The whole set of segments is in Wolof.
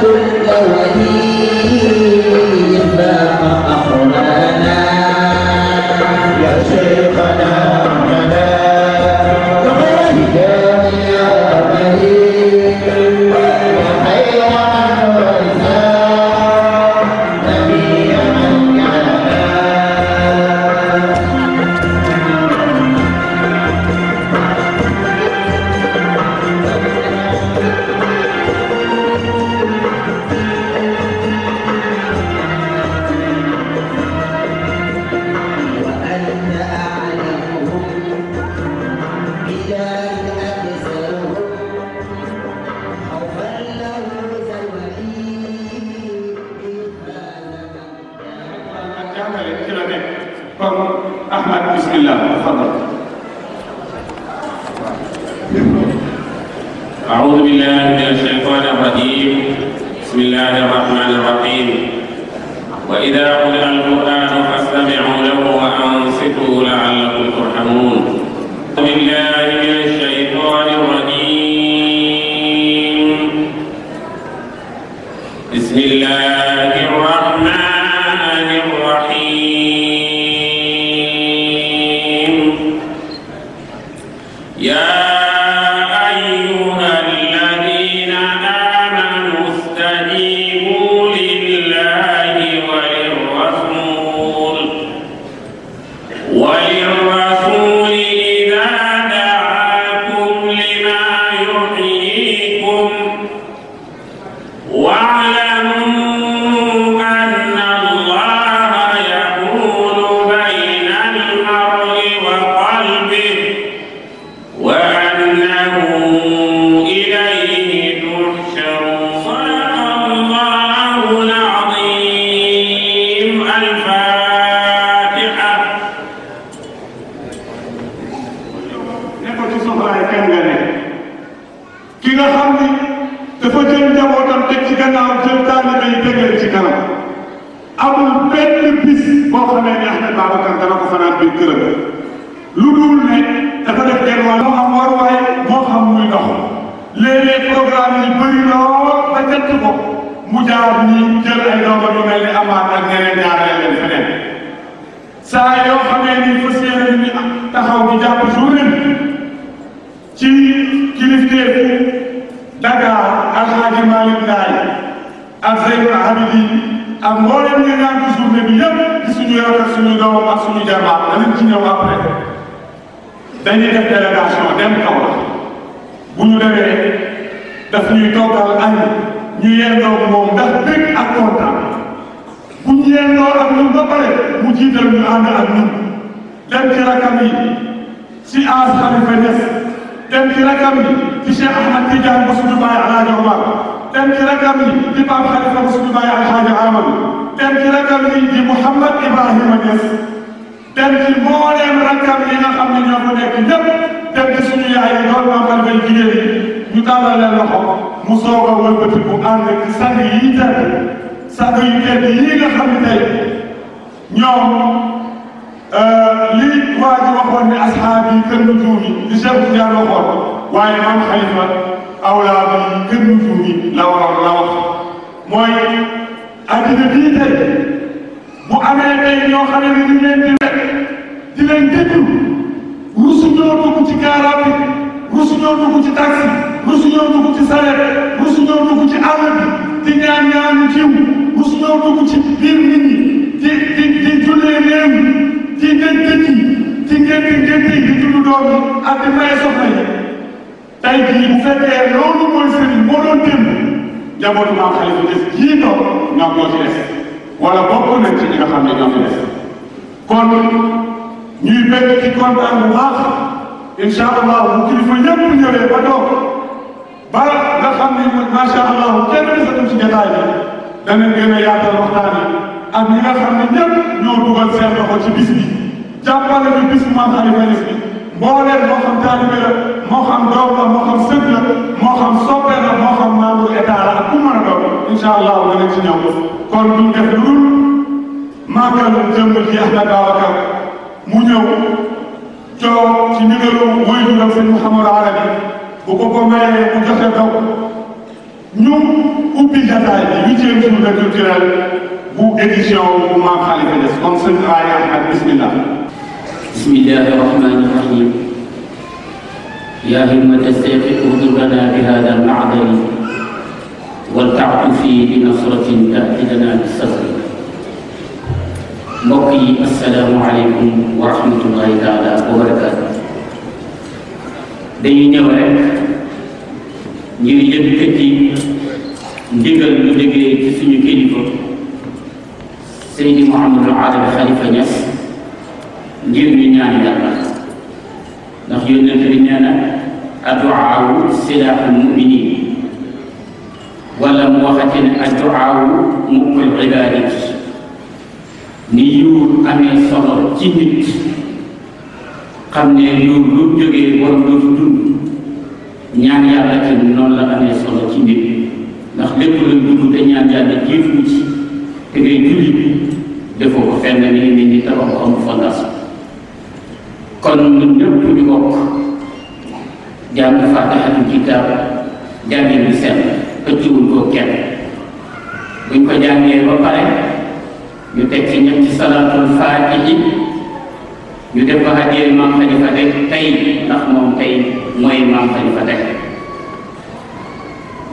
Thank you. wëlbati bu ànd ak sang yi tedd sang yu tedd yi nga xam ne tey ñoom euh, lii waa ji waxoon ne asxaab yi gën na tuumi li Cheikh Tidiane waxoon waaye maam Xalifa awlaad yi gën na tuumi la waroon la wax mooy addina bii tey bu amee tey ñoo xam ne ni leen di rek di leen déglu rusu ñoo dugg ci kaaraab bi rusu ñoo dugg ci taxi musu ñoo dugg ci sareet musu ñoo ci àll bi di ñaan ñaan jiw ci biir nit ñi di di di jullee réew ci ngénte ñi ci ngénte jullu doom yi ak di may soxna yi tey jii bu fekkee loolu moo doon démb njabootu maam xalifa des jii toog ñoom ñoo ci des wala bokk nañ ci ñi nga xam ne ñoo ci des kon ñuy bëgg ci kontaan bu baax incha allah bu kilifa ñëpp ñëwee ba toog ba nga xam ne man allah kenn desatul ci jotaay bi dana gën a yaatal waxtaan yi ak ñi nga xam ne ñëpp ñoo dugal seen loxo ci bis bi jàppale ñu bis Mame bi mbooleem moo xam taalibe la moo xam doom la moo xam sët la moo xam soppe la moo xam membre état la ak ku mën a doon incha allah danañ ci ñëw kon duñ def lu dul màggal jëmbal ji Ahmed Ababacar mu ñëw coow ci ndigalu woy juram sëñ Mouhamadou Arabi bu ko ko mayee mu joxe daw ñu ubbi jataay bi huitième journée culturelle bu édition bu maam Khalifa Niass kon sëñ aayam ak bismillah bismillahi rahmani rahim يا همة السيف اهدنا بهذا المعدن والتعب فيه بنصرة تأتي لنا بالصبر mbokk yi assalaamu aleykum wa rahmatullahi taala wa barakaatu dañuy ñëw rek ngir yëkkati ndigal lu jógee ci suñu kilifa Seydi Mouhamadou Adama Khalifa Niass ngir ñu ñaan yàlla ndax yónnent bi nee na adduaawu silaaxul muminin wala mu waxati ne adduaawu mummul ibaadi ni yuur amee solo ci nit xam ne lu lu jógee war lu fi dund ñaan yàlla ci noonu la amee solo ci mbir ndax lépp la dund te ñaan yàlla jéefu ci te ngay julli defoo ko fenn ni ni ni tabax xam fa ndas kon ñu ñëpp ñu bokk jàng fatiha ci kitab jàng ni sel ëccu wul ko kenn buñ ko jàngee ba pare ñu teg ci ñett salatul fatihi ñu def ko xadiyee maam xalifa tey tey ndax moom tey mooy maam xalifa tey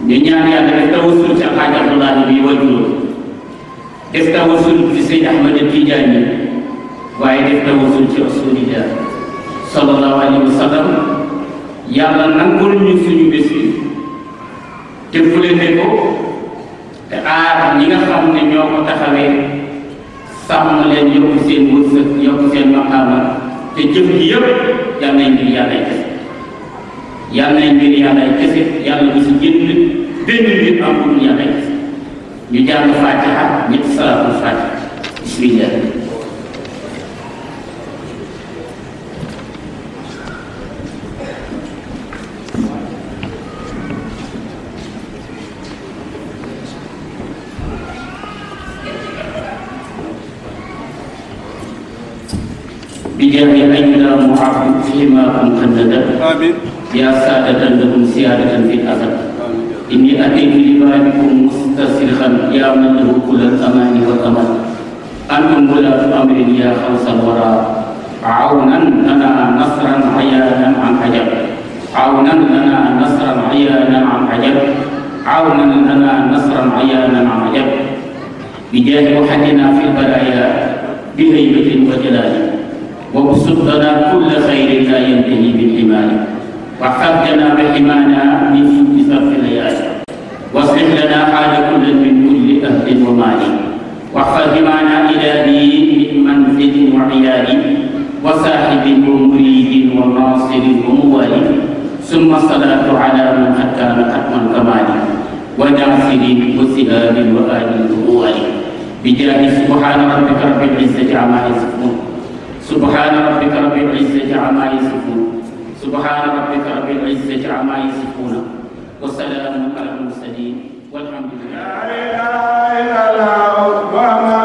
ñu ñaan yàlla def tawasul ci xaaj abdoulahi bi wajuróom def tawasul ci sëñ ahmad tijaan yi waaye def tawasul ci rasulillah sallallahu alayhi yàlla nangul ñu suñu bés bi te fulete ko te aar ñi nga xam ne ñoo ko taxawee sàmm leen yokk seen wërsëg yokk seen maqaama te jëf ji yëpp yal nay ngir yàllay kese yal nay ngir yàllay kese yàlla bu si génn benn mbir am pour yàllay kese ñu jàng fatiha ñetti salaatul fatiha bismillah Bijahi aina muhafid fima kumkandada Ya sa'adatan dan siadatan fit azab Ini adik lima yukum mustasirkan Ya manduhu kulat amani wa amat Antum kulat amirin ya khawasal wara Aunan lana nasran hayanan an hajab Aunan lana nasran hayanan an hajab Aunan lana nasran hayanan an hajab Bijahi wahadina fil baraya Bihaibatin wa وابسط لنا كل خير لا ينتهي بالإيمان واحفظنا بحمانا من سوء صرف الليالي واصلح لنا حال كل من كل اهل ومال واحفظ إلى دين من منزل وعيال وصاحب ومريد وناصر وموالي ثم الصلاة على من أتى حتما الكمال وناصر وسهاب وآل وموال بجاه سبحان ربك رب العزة عما يصفون سبحان ربك رب العزة عما يصفون سبحان ربك رب العزة عما يصفون وسلام على المرسلين والحمد لله لا إله إلا الله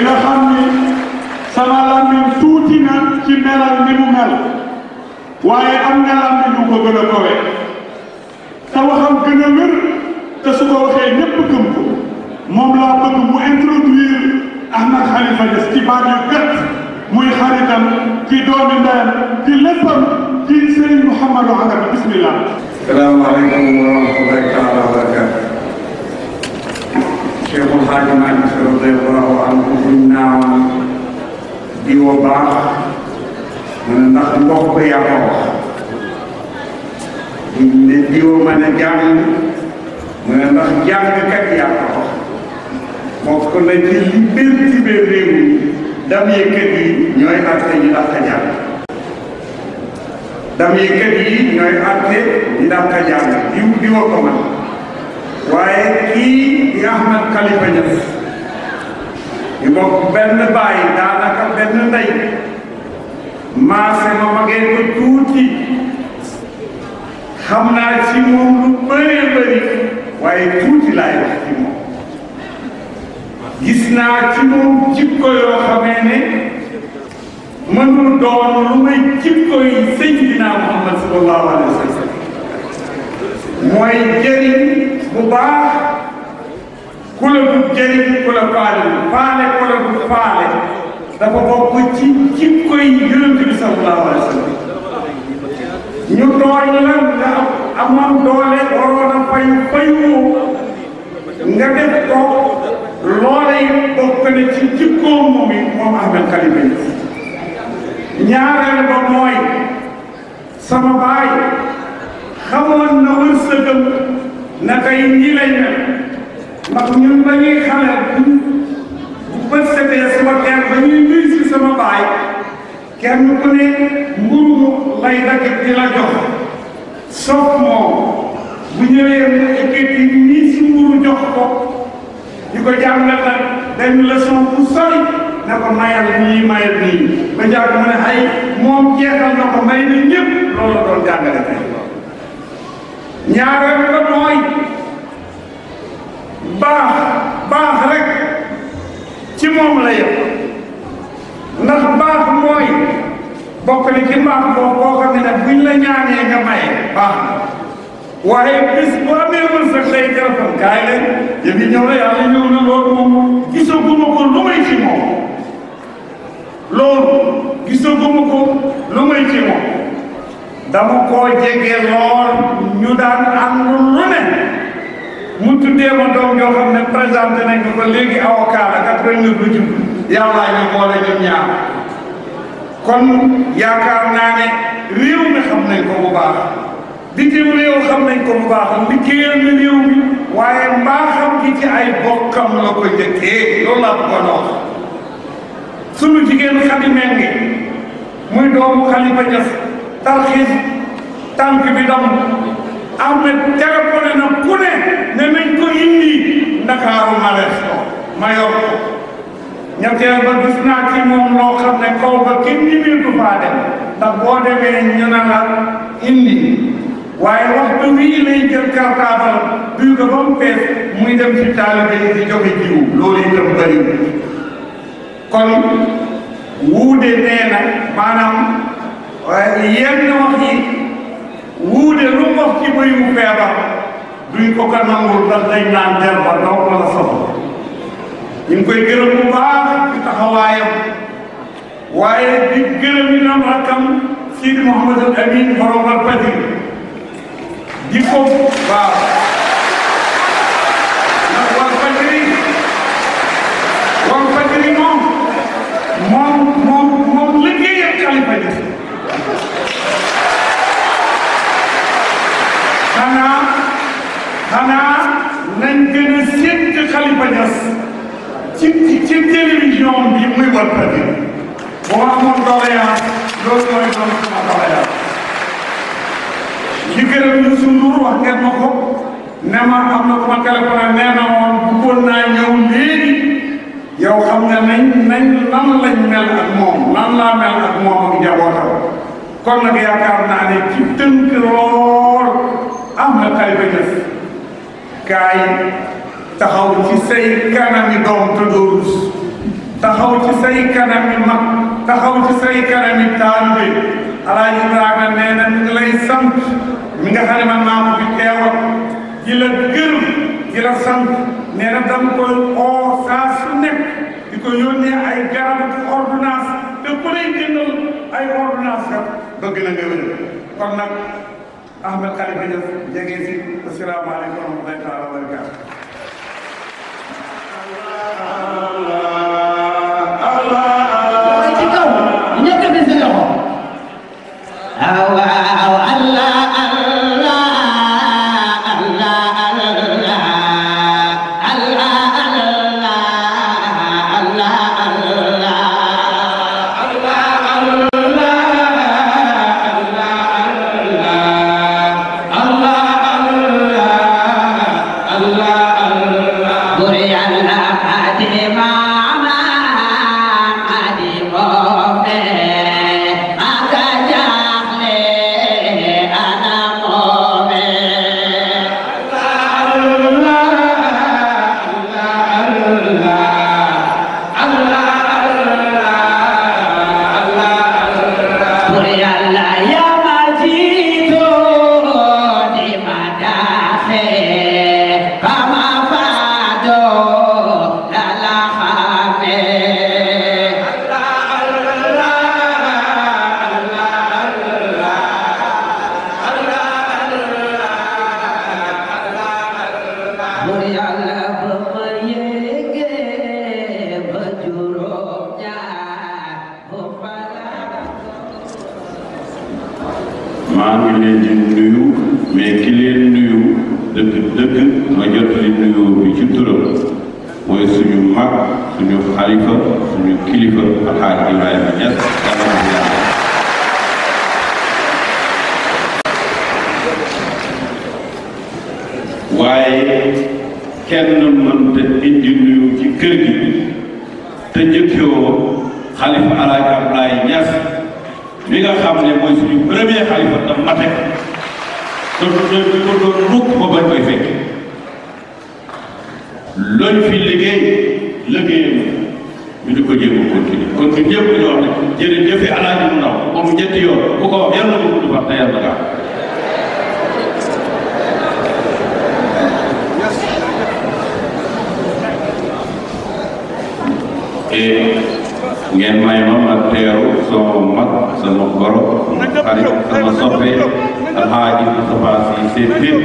nga xamni sama lamine touti na ci melal ni mu mel waye am nga lamine du ko gëna ko wé ta waxam gëna wër ta su ko waxé ñepp gëm ko mom la bëgg mu introduire ahmad khalifa des ci baam yu adam bismillah assalamu alaykum wa Cheikhul Xaaji Maalik radiyallaahu anhu buñ naawoon di woo baax mu ne ndax mbokk yaa ko wax buñ ne diwoo mën a jàng mu ne ndax jàngkat yaa ko wax bokk na ci li biir ci biir réew mi dam yëkkat ñooy atte ñu dàq jàng dam yëkkat yi ñooy atte ñu dàq jàng diw diwoo ko man waaye kii di Ahmed Khalifa Niass ñu bokk benn baay daanaka benn ndey maase ma magee ko tuuti xam naa ci moom lu bëree bëri waaye tuuti laay wax ci moom gis naa ci moom jikko yoo xamee ne mënul doon lu may jikko yi Seydina Muhammad sallallahu alayhi wa sallam mooy jëriñ mu baax ku la du jëriñ ku la faale faale ku la du faale dafa bokk ci jikko yi yonent bi sallallahu alayhi wa sallam ñu tooñ la nga amam doole waroon fay fayoo nga def ko loola it bokk na ci jikkoom moom it moom Ahmed Khalifa ñaareel ba mooy sama baay xamoon na wërsëgam naka yi nii lay mel ndax ñun ba ñuy xale bu bët setee sama teer ba ñuy nuyu si sama baay kenn ku ne mburu lay dagg di la jox sopp moom bu ñëwee mu ekkati nii si mburu jox ko ñu ko jàngal la dañ leçon bu sori na ko mayal nii mayal nii ba njàng mu ne ay moom jeexal na ko may na ñëpp loolu la doon jàngale tey ñaareel ba mooy baax baax rek ci moom la yem ndax baax mooy bokk ni ci mbaax boo boo xam ne la ñaanee nga maye baax waaye bis boo amee wërsëg lay jërëfal kaay leen yëf yi ñëw na yàlla na loolu moom gisaguma ko lu ci moom loolu gisaguma ko lu may ci moom dama koo jege lool ñu daan am lu ne mu tuddee ma doom yoo xam ne présenté nañ ko léegi avocat la quatre-vingt-neuf lu jub yàllaa ñu boole ñun ñaar kon yaakaar naa ne réew mi xam nañ ko bu baax bitim réew xam nañ ko bu baax liggéeyal na réew mi waaye mbaaxam gi ci ay bokkam la ko jëkkee loolu laa bëggoon a wax sunu jigéen Khady Mbengue muy doomu Khalifa Niass tarxiis tànk bi dam Ahmed téléphoné na ku ne ne nañ ko indi Ndakaaru ma ko ma yor ko ba gis naa ci moom loo xam ne kaw ba kenn ñi biir du faa dem ndax boo demee ñu na la indi waaye waxtu wii lay jël cartable buy ko ba mu fees muy dem ci taalibe yi di joxe jiwu loolu itam bëri kon wuude nee na maanaam waaye yenn wax yi wuude lu wax ci bëri mu feebar duñ ko ko nangul ndax day naan der ba ndaw wala soxla ñu ngi koy gërëm bu baax ci taxawaayam waaye di gërëm ñu naan rakkam Sidi Mouhamadou Amine borom Walfadjri di ko waaw ci ci télévision bi muy Walfadjri moo amoon doléance loolu mooy doon sama doléance li gërëm ñu sundur wax ngeen ma ko ne ma am na ku ma téléphone nee na woon bëggoon naa ñëw léegi yow xam nga nañ nañ lan lañ mel ak moom lan laa mel ak moom ak njabootam kon nag yaakaar naa ne ci tënk lool am na tali ba jëf kaay taxaw ci say kanami doom te doo rus say kanami mag taxaw alaaji Ibrahima nee na mi lay sant mi nga xam ne fi teewal di la gërëm di la sant oo saa su di ko yónnee ay garabu ordonnance te ku lay jëndal ay ordonnance kat bëgg na nga wér kon nag Ahmed Khalifa Niass jege si asalaamaaleykum wa rahmatullaahi wa barakaatu Amen. leen di nuyu waaye kenn mënta indi nuyu ci kër gi te njëkkoo xalifa alaaj Ablaay Ñas mi nga xam ne mooy suñu premier xalifa tam mate te du ko doon mukk ba bañ koy fekk loolu fi liggéey liggéeyam ñu di ko jéem a continuer kon ñun ñëpp dañoo wax ne jërëjëf alaaji mu ndaw moom ñetti yoon ku ko wax yàlla mu gudd wax te yàlla gaaw et ngeen may ma ma teeru sama mag sama goro xarit sama soppe alxaaji Moustapha Cissé Pire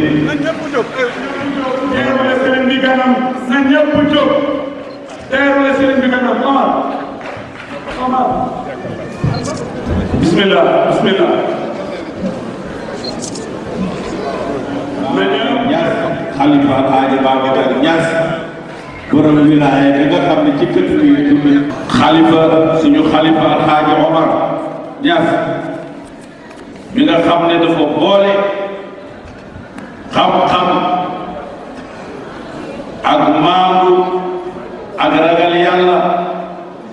teeru la sëriñ bi kanam na ñëpp jóg teeru la sëriñ bi kanam Omar Omar bismillah bismillah ma ñëw Ñas xalifa alxaaji Babacar Ñas borom wilaaya bi nga xam ne ci kër gi dund xalifa suñu xalifa alxaaji Omar Ñas bi nga xam ne dafa boole xam-xam ak maandu ak ragal yàlla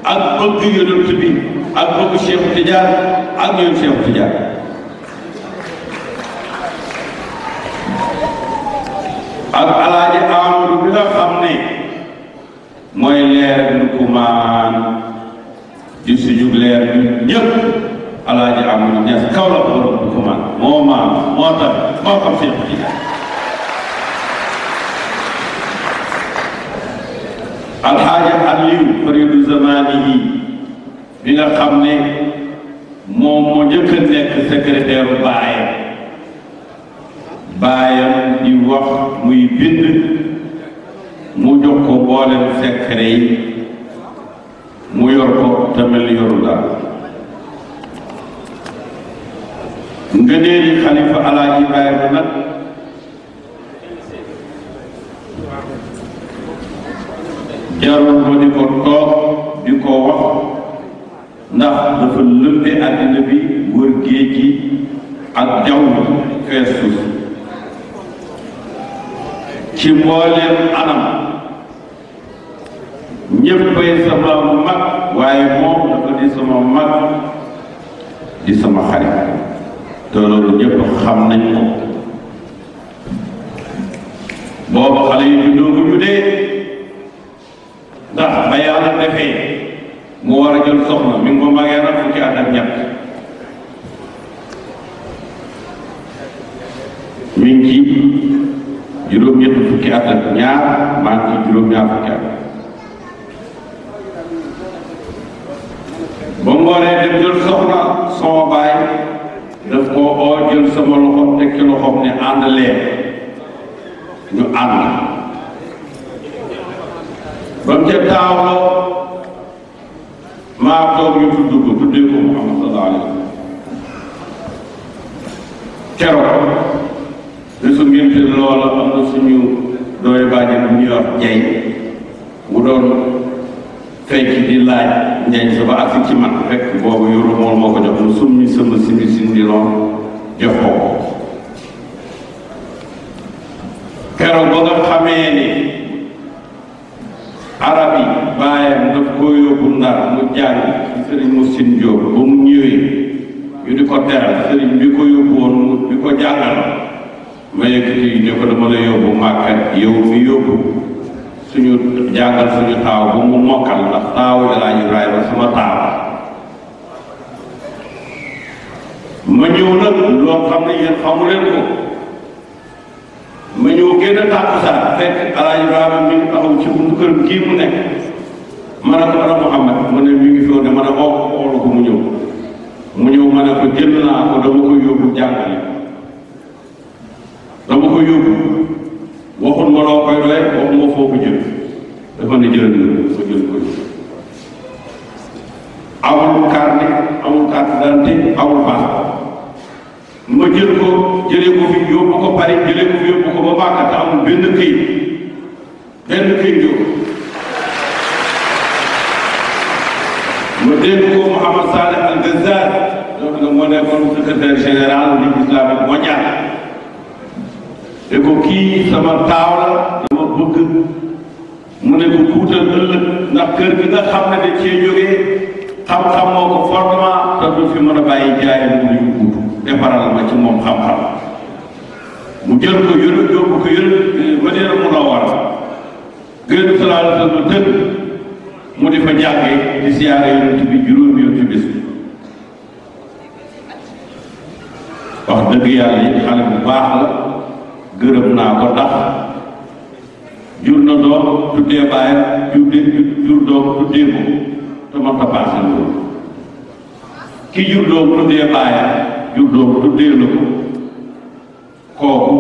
ak bëgg yonent bi ak bëgg Cheikh Tidiane ak ñoom Cheikh Tidiane ak alaaji Amadou bi nga xam ne mooy leer nu kumaan di suñu leer ñun ñëpp alaaji amul ñes kaw la borom nu kumaan moo maam moo tax moo xam seen ci alxaaja aliyu faridu zamani bi nga xam ne moom moo njëkk a nekk secrétaire baayam baayam di wax muy bind mu jox ko mboolem sekkare yi mu yor ko te mel yoru daal ngëneeli xalifa alaaji Ibrahima nag jarul ma di ko toog di ko wax ndax dafa lëmbe àddina bi wër géej gi ak jaww fees suuf ci mbooleem anam ñëppay sama mag waaye moom dafa di sama mag di sama xarit te loolu ñëpp xam nañ ko booba xale yi ñu doogu ñu dee ndax ba yàlla mu war a jël soxna mi ngi ko magee na fukki at ak ñett mi ngi ci juróom-ñetti fukki at ñaar maa ngi ñaar fukki at ba ngoonee dem jël soxna sama baay daf koo oo jël sama loxo teg ci ne ànd ñu ànd ba mu ca taawloo maa toog ñu tudd ko tuddee ko Muhammad sallallahu alayhi wa sallam bésu ngénte loola am na suñu dooy baaje bu ñuy wax jay mu doon di laaj njañ sa ba man fekk boobu yoru moom moo ko jox mu summi sama simi sindi loon jox keroog ba nga xamee ni arab yi bàyyam daf koo yóbbu ndar mu jàng ci sëriñ Musin Jóob ba mu ñëwee ñu di ko teral sëriñ bi ko yóbbu woon bi ko jàngal ma yegg léegi ne ko dama la yóbbu màkka yow mi yóbbu suñu jàngal suñu taaw ba mu mokkal ndax taawu Elaaji Ibrahima sama taaw ma ñëw nag loo xam ne yéen xamu ko ma ñëw génn tàkkusaan fekk Elaaji Ibrahima mi ngi taxaw ci buntu kër gii mu nekk ma ne ko ana Muhammad mu ne mi ngi fi woon ne oh, oo ko mu ñëw mu ñëw ma ne ko jël naa ko dama ko yóbbu jàngale dama yóbbu waxoon ma loo koy doy waxuma foo ko jël dafa ne jëlal na ma jël ko amul carte amul carte d'identité amul passeport ma jël ko jëlee ko fi yóbbu ko Paris jëlee ko fi yóbbu ko ba Màkka te amul benn këyit benn këyit yóbbu ma dégg ko Mouhamad Saleh Al Ghazali donc nag moo nekkoon secrétaire général du islamique mondial ne ko kii sama taaw la dama bëgg mu ne ko kuutal ëllëg ndax kër gi nga xam ne dañ cee jógee xam-xam moo ko fortement te du fi mën a bàyyi jaay mu ñu kuutu defaral ma ci moom xam-xam mu jël ko yónni yóbbu ko yónni eh, Madina Munawwara gën salaatu sama dëkk mu di fa jàngee di siyaare yonent bi juróomi yoon ci bis bi wax dëgg yàlla yëpp xale bu baax la gërëm naa ko ndax jur na tuddee bàyyam jur doom tuddee ko te man ta passé loolu ki jur doom tuddee bàyyam jur doom tuddee la ko kooku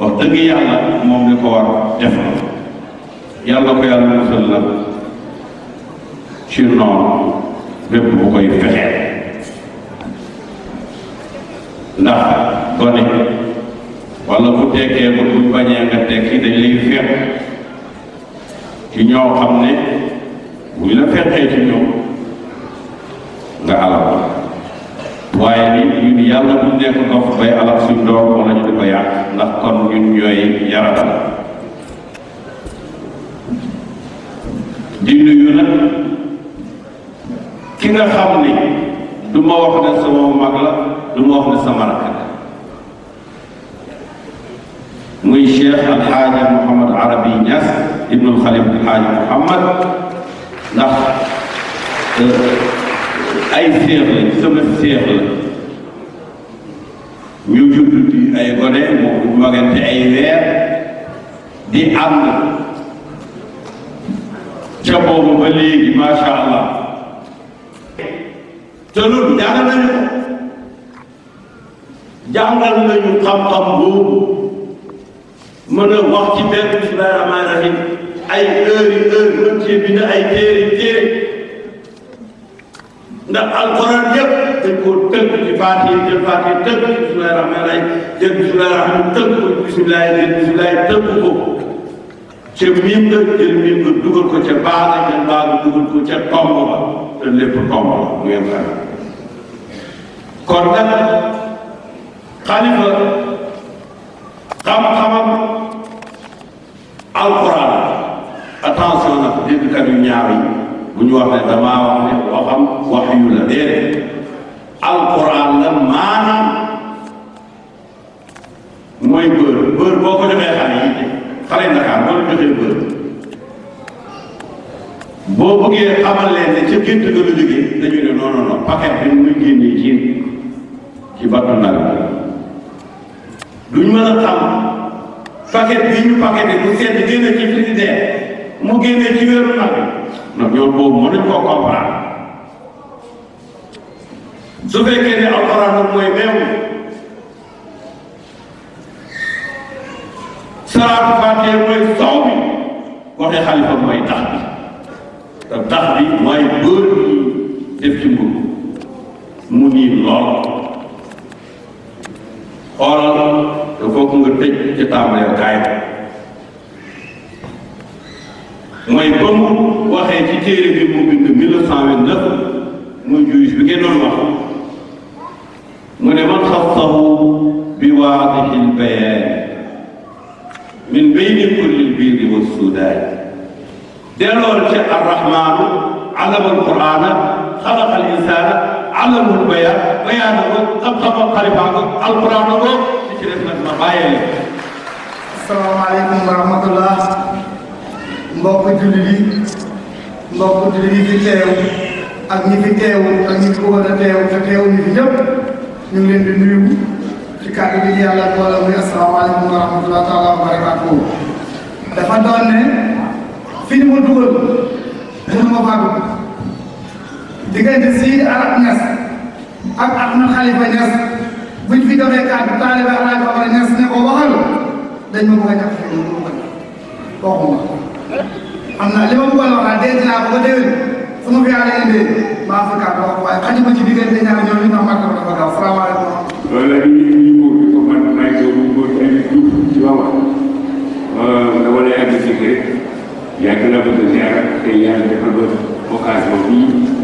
wax dëgg yàlla moom li ko war def yàlla ko yàlla musal la ci noonu bépp bu koy fexee ndax gone wala bu tekkee ba bu bañee nga tekki dañ lay fekk ci ñoo xam ne buñ la fekkee ci ñoom nga alal waaye ni ñun yàlla bu nekk ndox bay alal suñ doom wala ñu di ko yàq ndax kon ñun ñooy yaratal di nuyu nag ki nga xam ne du wax ne sama mag la du wax ne sama rakk muy cheikh alxaaji Mouhamad Arabi Niass ibnul Xalif alxaaji Mouhamad ndax euh, ay seex la sama seex la ñu judd ay gone moom magante ca boobu ba léegi macha allah te loolu jàngal nañu jàngal nañu xam-xam mën a wax ci benn bismillahi rahmaani rahim ay heure yi heure mën cee bind ay téere téere ndax alxuraan yëpp dañ koo tënk ci faatiha jël faatiha tënk ci bismillahi rahmaani rahim jël bismillahi rahmaani tënk ko bismillahi jël bismillahi tënk ko ca miim nga jël miim nga dugal ko ca baax la jël dugal ko ca tomb ba lépp tomb la ngeen xam kon nag xalifa xam-xamam alquran attention nag déggkat yu ñaaw yi bu ñu wax ne damaa wax ne waxam wax yu la déedéet alquran la maanaam mooy bër bër boo ko joxee xale yi xale Ndakaar boo leen joxee bër boo bëggee xamal leen ne ca gént ga la jógee dañu ne non non non bi muy génnee ci ci battu nag duñ mën a xam paquet bi ñu paqueté mu seet bi génne ci frigidaire mu génne ci wéeru nag non ñoom boobu mënuñ koo comprendre su fekkee ne alxuraan moom mooy e meew salaatu fàttee mooy e soow bi waxee xalifa mooy e tax bi te tax bi mooy bër ñu def ci mburu mu nii lool xoolal il faut que nga tëj ci tàmbalee kaay mooy ba mu waxee ci téere bi mu bind 1929 muy juge bi ngeen doon wax mu ne man xassahu bi waadihi lbayaan min bayni kulli lbiiri wa sudaan dellool ci arrahmaanu alama alquraana xalaqa al insaana alamul bayaan bayaan na ko xam-xamam xarifaa ko alquran na ko li ci def nag ma bàyyee leen. asalaamaaleykum wa rahmatullah mbokku jullit yi mbokku jullit yi fi teew ak ñi fi teew ak ñi ko war a teew te teew ñi fi ñëpp ñu leen di nuyu ci kàddu gi yàlla boole muy asalaamaaleykum wa rahmatullah taala wa barakaatuhu dafa doon ne fi ñu ma dugal ma fàggu. diggante Seydi Arab Niass ak Ahmed Khalifa Niass buñ fi joxee kàddu taalibe Alaaji Babacar Niass ne ko waxal dañ ma bëgg a jàpp fii waxuma am na li ma bëggoon a waxaat dee dinaa ko ba déwén su ma fi yàlla indee maa fa kàddu wax waaye xaj ma ci diggante ñaar ñoom ñu tax màgg dafa gaaw salaamaaleykum. voilà ñu ngi ñu góor bi comme man maa ngi doon ñu góor ñu ngi ci waawaaw euh, dama lay agg si que yàgg naa bëgg a ziar te yàlla defal ba occasion bii.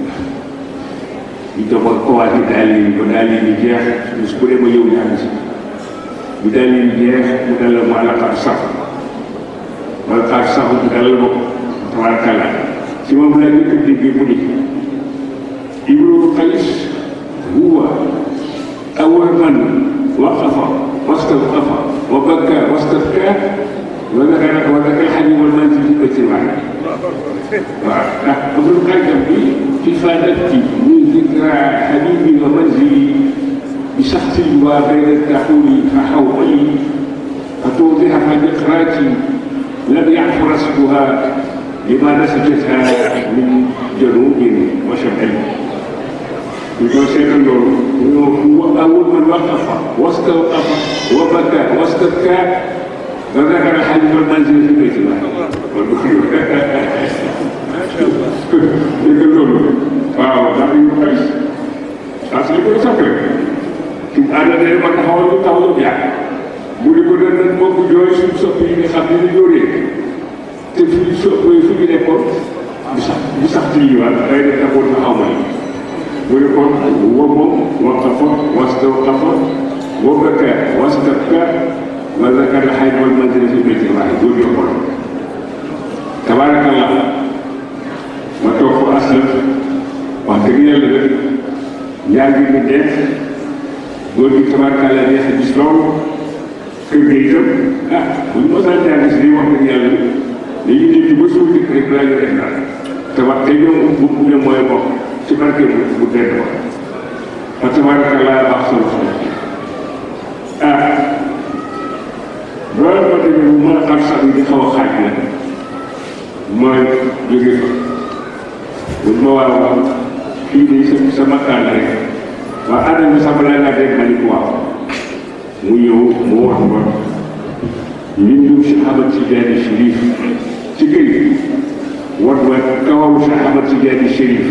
itoba owaati daali ko daali bi jeex bis bu dee ma yëw ñaan si bi daali bi jeex mu dalal ma ala xaar sax wala xaar sax mu dalal ma tabarakalla si moom la ñu tuddi bi mu ni ibnu xalis huwa awal man waqafa واستوقف وبكى واستبكى وذكر وذكر الحديث والمنزل في الاجتماع. نحن نقدم في فادتي حديث حبيبي ومنزلي بشخصي وبين الدحول فحوضي فتوضح فنقراتي لم يعفر رسمها لما نسجتها من جنوب وشمال يقول سيد النور هو أول من وقف واستوقف وبكى واستبكى فذكر حبيب المنزل في بيت الله ما شاء الله waaw daal di ko xalis parce li ko soxla suñ àndalee ma taxawal ñu taxawal jaar mu ne ko doon nag moom bu jooy suñ soppi yi nga xam ne ñu jóoree te fuñ soppi fu ñu nekkoon bu sax bu sax ci ñu waat day ne taxawal na xaw ma mu ne kon woo moom wax fa was ta wax fa woo nga peer was ta peer wala ka xay man man dina fi métti waaye góor yoo xool tabaarakallah yaa ngi mu def góor gi tabarkàlla neex a gis lool kër ga itam ah bu ñu mosaan jàng si wax dëgg yàlla dañuy dégg ba suuf dikk rek laa ñu def daal tabax te ñoom bu bu ne mooy bokk ci barke bu bu benn wax fa tabarkàlla baax ah loolu ma dégg bu mën a xam sax di xaw a xaaj la mooy jóge fa bu ma war a wax fii de sa sa makkaan rek waa aada ñu sabala la rek ma ni ko waaw mu ñëw mu wax ma mbindum Cheikh Ahmad Tidiane Chérif war ma kawaw Cheikh Ahmad Tidiane Chérif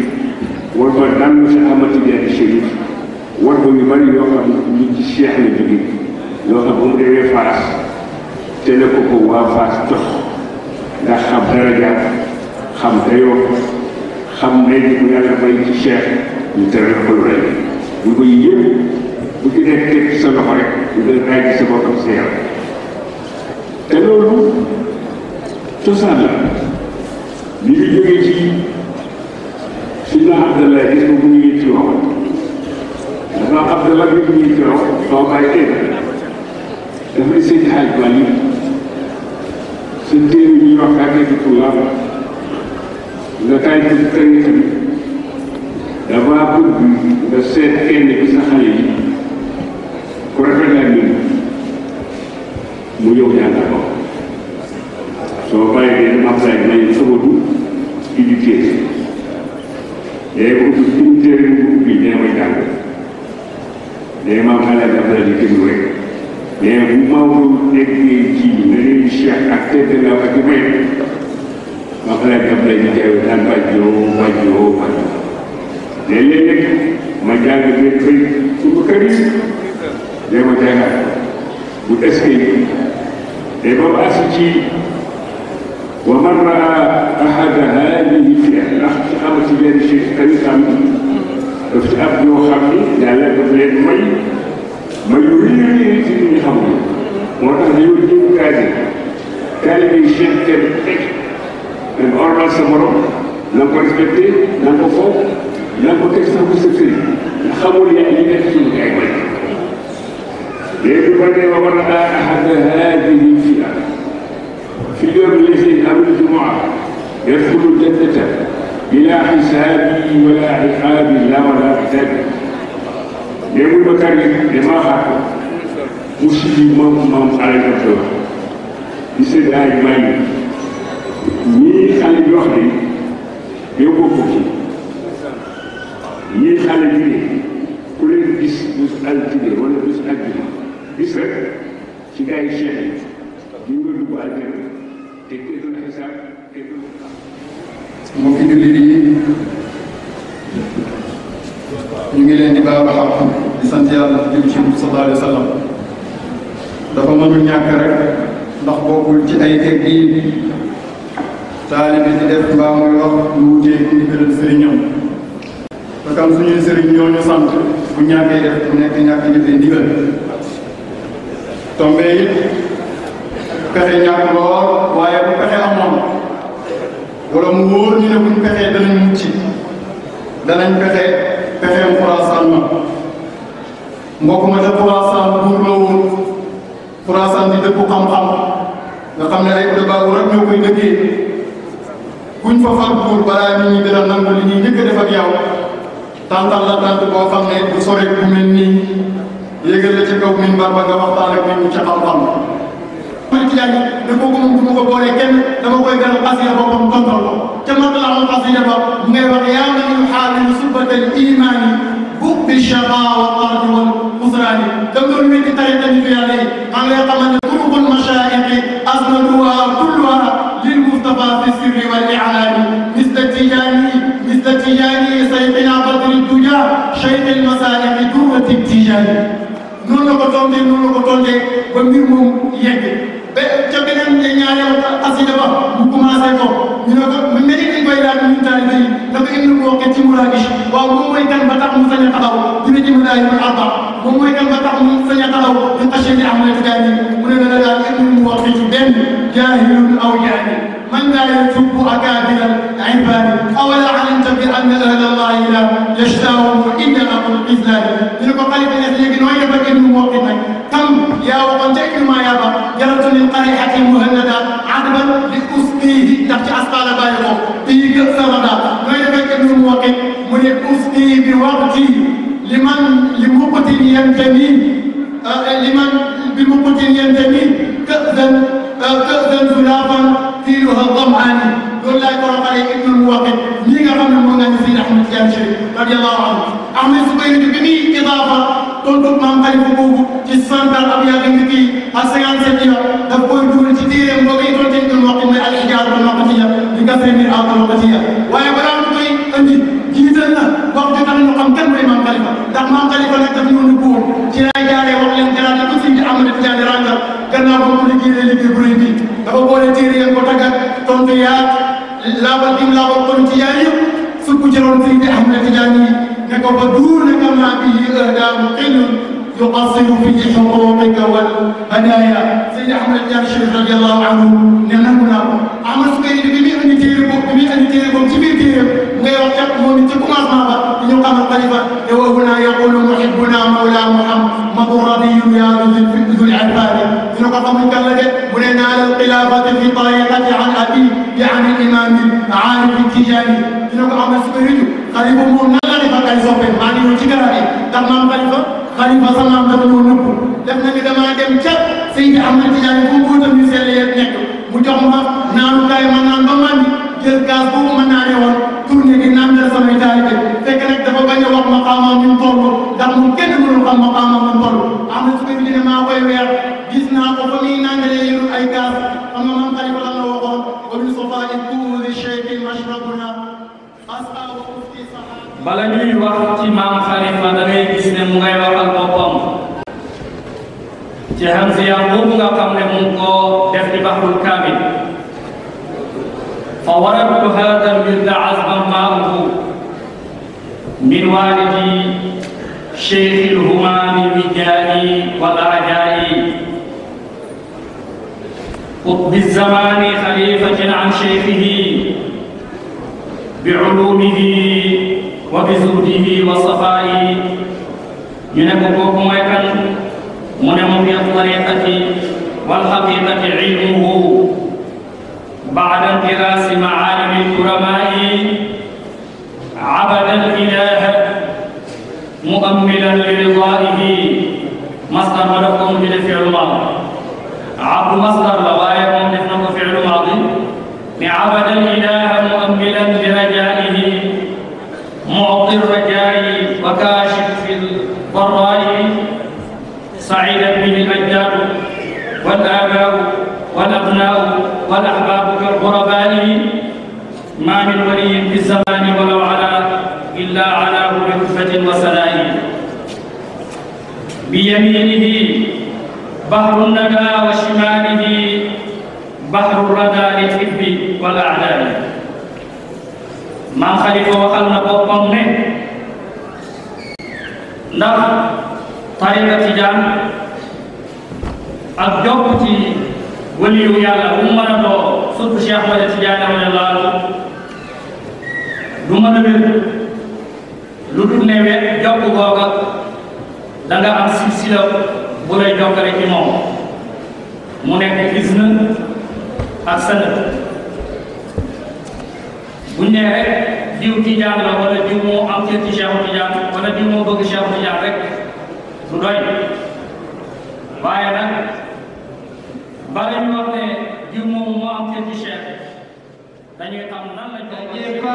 war ma dànnu Cheikh Ahmad Tidiane Chérif war ma yu bari yoo xam ni ci Cheikh la jóge yoo xam ba mu demee Faas te la ko ko waa Faas jox ndax xam daraja yu koy yëpp bu ci nekk teg ci sa loxo rek di nga daaj sa te loolu cosaan la li ñu jógee ci suñu Abdallah gis bu ñu ngi ci wax dafa am Abdallah bi bu ñu ngi ci wax soo bàyyi kenn dafa di sëñ xaaj ba yi seen téere ñuy wax kaa nekk damaa bëgg nga seet kenn ci sa xale yi ku rafet la ñun mu yow ñaata ko soo bàyyee dama am saa yi sabatu ci di téere day ko suñu téere bu ubbi day may jàng day ma am xale ak affaire yi déglu rek mais bu ma ko déggee ci nga leen cheikh ak tedd nga ak may ma xale ak affaire yi daan bàjjoo bàjjoo bàjjoo léeg-léeg ma jàng leen fay suba kër yi day ma jàngal bu eskay day ma baas ci wa man raa ahada haadihi fi ndax ci amati leen si tamit am daf ci am ñoo xam ni yàlla daf leen may may lu rëy rëy ci ñu xamul moo tax dañoo jëm kaasi taalibe yi cheikh kenn teg dañ ormal sa morom na ko respecté na ko foofu لما تكسب السفينة خمر يأتيك في العباد يجب أن يمر أحد هذه الفئة في اليوم الذي أو الجمعة يدخل الجنة بلا حساب ولا عقاب لا ولا عتاب يقول بكر لما حكم مسلم مام على الدكتور يسد هاي ماي مين خلي يوحدي يوقف فيه yéen xale yi ku leen gis bés altine wala gis rek ci gars yi cheikh yi ñu ngi leen di baax a xam ci sallallahu alayhi wa dafa mënul ñàkk rek ndax bokkul ci ay teg yi taalibe di def mbaa muy wax lu wuteeg ndigalal sëriñam nga xam suñuy sëriñ ñoo ñu bu ñàkkee def bu nekk ñàkk jëfee ndigal tombe it pexe ñàkk lool waaye bu pexe amoon wala mu wóor ñu ne buñ pexee danañ mucc danañ pexe pexeem Xuraasaan ma mbokk ma da Xuraasaan buur la woon Xuraasaan di dëkku xam-xam nga xam ne ay dabaabu rek ñoo koy dëkkee kuñ fa far buur balaa nit ñi dina nangu li ñuy njëkk a def ak yow tàntal la tànt boo xam ne bu sore bu mel nii yéegal la ci kaw minbar ba nga waxtaan ak nit ñi ca xam-xam ci jàng ne kooku moom du ma ko boole kenn dama koy gën a xasida boppam tontal ko ca mat la am xasida ba ngay wax yaa ngi ñu xaali subatal imaani bu bi chaba wa ardi wal usraani dam doon wéti tari tamit yàlla yi maa ngi lay xamal ne turubun mashaayixi asnaduwa kulluha lil mustafa fi sirri wal ialaani misla tijaani misla tijaani say Tijaan a la ko tontee noonu la ko tontee ba mbir moom yegg ba ca beneen ne ñaareel asida ba mu commencé ko ñu ne ko mu mel ni koy daal ñun taalibe yi dafa indi mu waxee ci muraakish waaw moom mooy kan ba tax mu sañ a taxaw dina ci muraay mu arba moom mooy kan ba tax mu sañ a taxaw di acheter am na tukaay mu ne la daal indi mu wax ci benn jaahilun aw من لا يجب أكابر العباد أولا علمت بأن أهل الله لا يشتاهم إلا أبو الإذلال لنبقى قلبا يتلقن ويبقن موقفا كم يا وقن تأكل ما يابا جرت قريحه المهندة عذبا لأسقيه تحت أسقال بايقه وين سردا من موقف من أسقيه بوقتي لمن لمقتل ينتمي آه، لمن بموقت ينتمي كأذا كأذن زلافا آه، ديرها ضمعان دون لا يقرب عليك ابن الموقف ليغا خامل مو نان سيد احمد جان شريف رضي الله عنه احمد سبيل بني اضافه تونت مام خاي فوبو تي سانتال ابيا غنتي اسيان سيديا دا بوي دور تي ديرم بوي تونت ابن الموقف مي الحجاب المقتيه ديغا سيمي اخر وقتيه واي برا ne daf noonu buur ci laa jaaree wax leen gannaaw ko suñ ci Amady Tidiane Ranga gannaaw ba mu liggéeyee liggéey bu rëy bi dafa boole téere yéen ko taggat tontu yaa laabal dim laabal kon ci yaay yëpp sukk jëloon sëñ bi Amady Tidiane yi ne ko ba duur ne kam naa bi daamu xëyul yuqassiru fi huquqika wal hadaaya sëñ Amady Tidiane Chérif radiyallahu anhu ne nangu naa ko Ahmad Sukayri bi muy andi téere boobu bi muy andi téere boobu ci biir téere ngay wax jàpp moom it ci commencement ba ñu xamal xalifa te wa huna yaqulu muhibbuna mawla muhammad mabu radiyun ya zul ibaadi dina ko xamuñ kan la de bu ne naala alxilaafati fi tariqati an abi bi an imam aarif tijaani dina ko Ahmad Sukayri xalifa moom nan la defa kay soppe maa ngi ñëw ci garab yi ndax maam xalifa xalifa sa maam dafa ñëw nëpp def na ni damaa dem ca Seydi Ahmad Tijaani fu mu góotam ñu sell yéen nekk mu jox ma naanukaay ma naan ba màndi jël gaz boobu ma naanee woon tourné di naan dal samay taalibe fekk nag dafa bañ a wax maqaamam ni mu toll ndax mu kenn mënul xam maqaamam ni mu na su ko ne maa koy weer gis naa ko fa muy nangalee yu ay gaz xam nga man xalifa la waxoon wa min safaa'i buuri cheikhi mashrabuna bala ñuy wax ci maam xalifa ne mu ngay wax جهان زيان مبغا قمنا منكو دفت بحر الكامل فوردت هذا المدى عزبا ما أبو من والدي شيخ الهمان وجائي والعجائي قطب الزمان خليفة عن شيخه بعلومه وبزوده وصفائه ينبقوكم ويكلمون منع في الطريقة والحقيقة علمه بعد انتراس معالم الكرماء عبد الإله مؤملا لرضائه مصدر ملككم إلى فعل الله عبد مصدر لغاية مملكنا فعل ماضي لعبد الإله والسلام بيمينه بحر الندى وشماله بحر الردى للحب والأعلام maam xalifa waxal na boppam ne ndax tariqa tijaan ak jokk ci waliyu yàlla bu mu mën a doo surtout Cheikh Ahmada Tijaani radiyallaahu anhu du mën a wér lu dul ne wet jokk googa da nga am silsila bu lay jokkale ci moom mu nekk isna ak sanad bu ñu nee rek diw tijaan la wala diw moo am cër ci Cheikh Tijaan wala diw moo bëgg Cheikh Tijaan rek du doy waaye nag bala ñu wax ne diw moomu moo am cër dañuy xam nan lañ ko.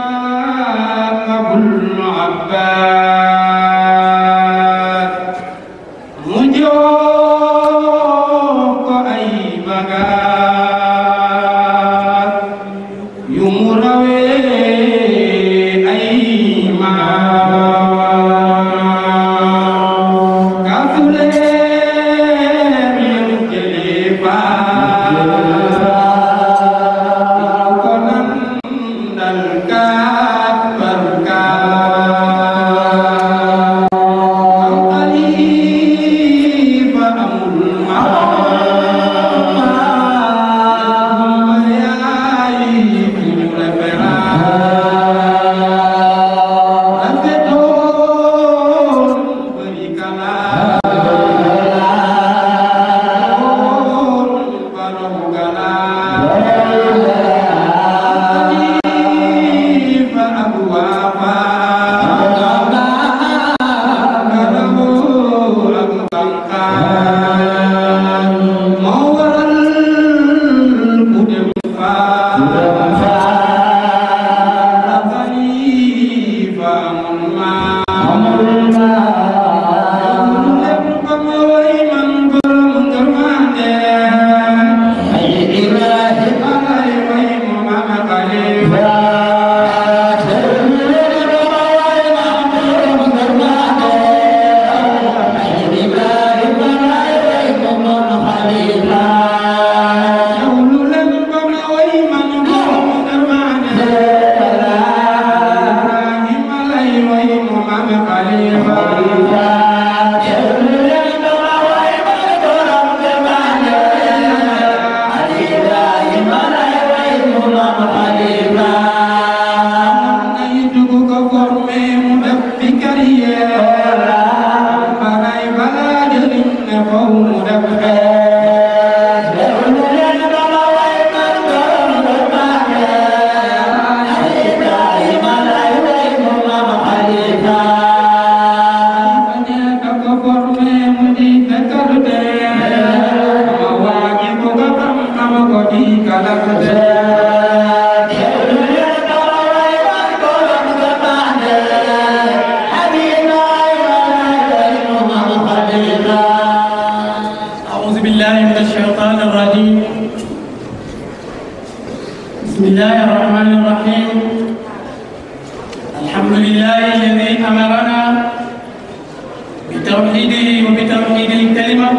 بتوحيده وبتوحيد الكلمة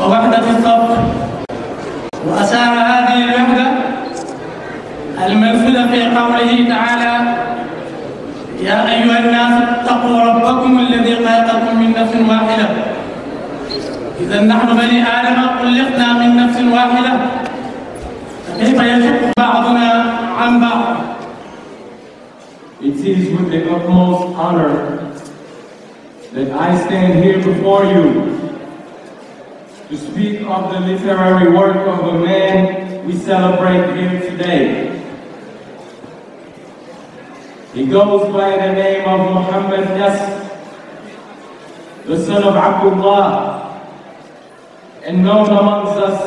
ووحدة الصف وأساء هذه الوحدة المنفوذة في قوله تعالى يا أيها الناس اتقوا ربكم الذي خلقكم من نفس واحدة إذا نحن بني آدم خلقنا من نفس واحدة فكيف يشق بعضنا عن بعض It is with the utmost honor that I stand here before you to speak of the literary work of a man we celebrate here today. He goes by the name of Muhammad Nasr, the son of Abdullah, and known amongst us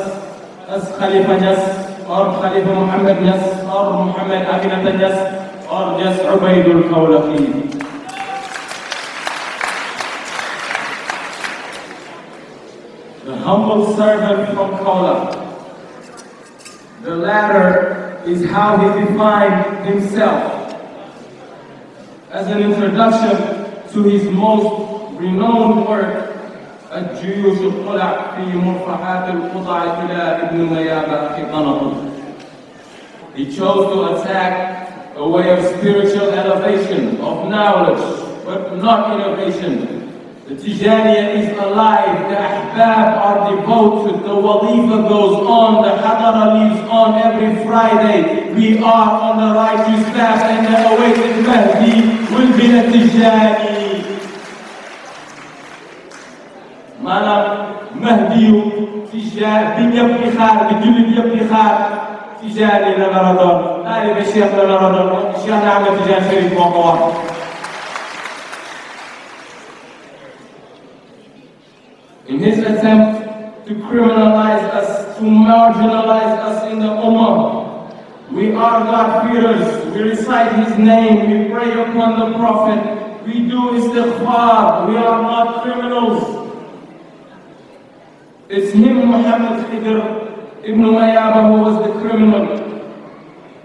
as Khalifa Nasr, or Khalifa Muhammad Nasr, or Muhammad Aminata Nasr, or just Ubaidul Khawlafi. humble servant from Kola. The latter is how he defined himself as an introduction to his most renowned work, الجيوش الطلع في مرفحات القطع إلى ابن ميابة في He chose to attack a way of spiritual elevation, of knowledge, but not innovation, التجاريه is alive, the Ahbab are devoted, the Wadifa goes on, the Hadara lives on every Friday. We are on the righteous path and the awaited Mahdi will be the Tijani. Manam Mahdiyu, Tijani, bin Yabni Khar, bin Julid Yabni Khar, Tijani lana radon. Ali Bashir lana radon. Inshallah, I'm a Tijani Sharif Mokawar. in his attempt to criminalize us, to marginalize us in the Ummah. We are God-fearers, we recite his name, we pray upon the Prophet, we do istighfar, we are not criminals. It's him, Muhammad Khidr ibn Mayyaba, who was the criminal.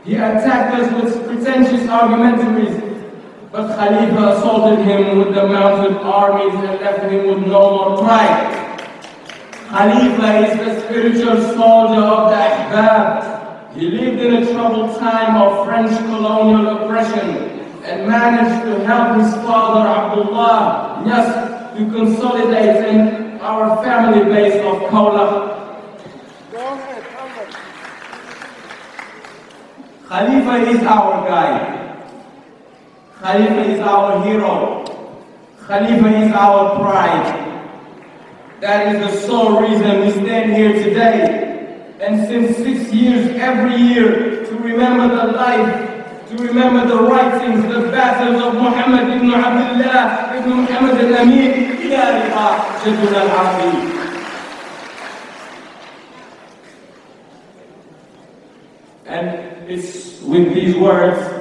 He attacked us with pretentious argumentaries. But Khalifa assaulted him with the mounted armies and left him with no more pride. Khalifa is the spiritual soldier of the Ahbab. He lived in a troubled time of French colonial oppression and managed to help his father Abdullah, yes, to consolidate in our family base of ahead, Khalifa is our guide. Khalifa is our hero. Khalifa is our pride. That is the sole reason we stand here today. And since six years, every year, to remember the life, to remember the writings, the battles of Muhammad ibn Abdullah ibn Muhammad al-Amin, تاريخ جدنا العظيم. And it's with these words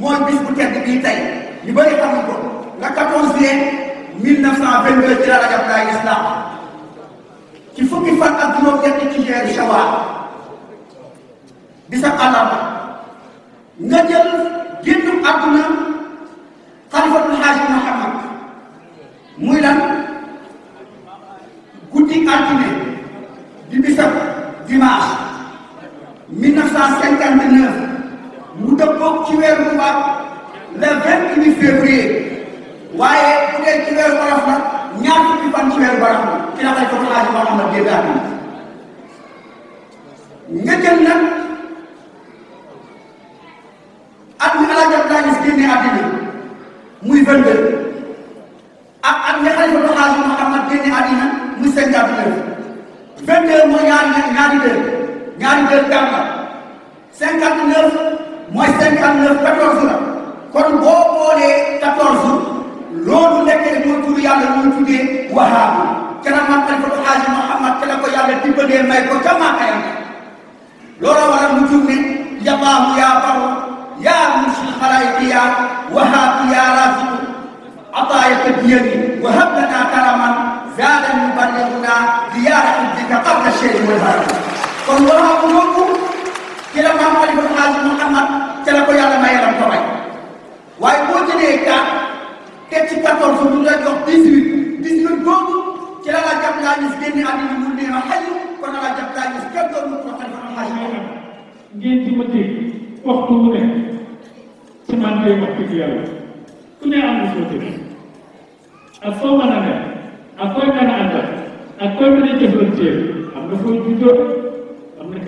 mooy bis bu tedd bii tey ñu bëri xamu ko la 14 juin 1922 ci la rajab laay islam ci fukki fan ak juróom-ñett ci weeru Shawwal di sa àllarba nga jël génn àdduna xalifatul xaaji Muhammad muy lan guddi altine di bisab dimanche 1959. mu dëppoog ci weeru tubaab le vingt huit février waaye bu dee ci weeru wolof la ñaar fukki fan ci weeru wolof la ci la koy laaj boo xam ne dégg nga jël nag at mi Alaaji Abdoulaye Niass génne àddina muy vingt-deux ak at mi Xalifa Abdou Aziz Mouhamed génne àddina muy cinquante-neuf vingt-deux mooy cinquante-neuf quatorze la kon boo boolee quatorze loolu nekkee mooy tur yàlla ñu tuddee wahaabu kenn maam Alfadu Haaji Muhammad kenn ko yàlla dimbalee may ko ca maakayam looloo waral mu jur yabaahu yaa baru yaa musil xalaayiti yaa wahaabu yaa raasiku ataayaka diyani wahab lanaa karaman zaadan yuballighunaa ziyaarata bika qabla shay'in wal kon wahaabu ci la maam Xalifa Aali Muhammad ca la ko yàlla maye lam ko may waaye boo jëlee kat teg ci quatorze mu lay jox dix-huit boobu ci la la jàpp laa gis génn àddina mu ne ma xaj kon la jàpp laa gis kenn doon ko Xalifa Aali man ne am na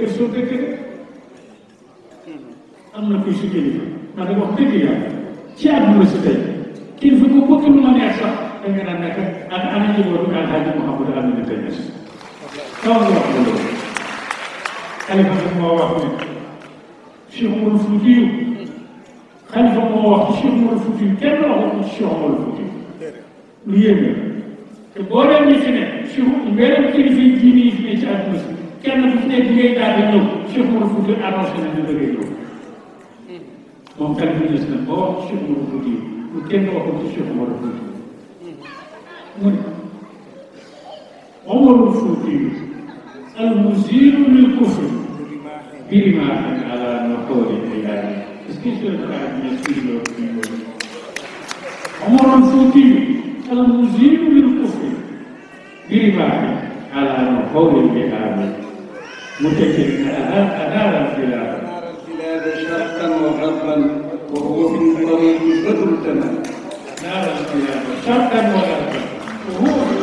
soo dégg kër am na kuy sukkandiku ndax da wax dëgg yàlla ci àdduna si tey il faut que bëgg lu ma neex sax da nga naan naka ak ana njabootu Alxaaji Mouhamadou Amina Tay Ñas taw nga wax loolu xalifa bi moo wax ne Cheikh Oumar Foutiyou xalifa moo wax Cheikh Oumar Foutiyou kenn waxu Cheikh Oumar Foutiyou lu yéeme te boo leen ñu ci ne Cheikh mbeeram kilifa yi diine yi fi ne ci àdduna si kenn ku ci nekk ngay daal di ñëw Cheikh Oumar Foutiyou annoncé na ne da ngay ñëw ممكن في الاسطنبول شبه موجودين وكانوا وقت الشيخ موجودين عمر الفوتي المزيل للكفر برماح على نحور الحياه عمر الفوتي المزيل للكفر برماح على نحور الحياه متكئ انار الخلاف انار الخلاف وغربا وهو في الطريق بدر التمام نارا شرقا وغربا وهو في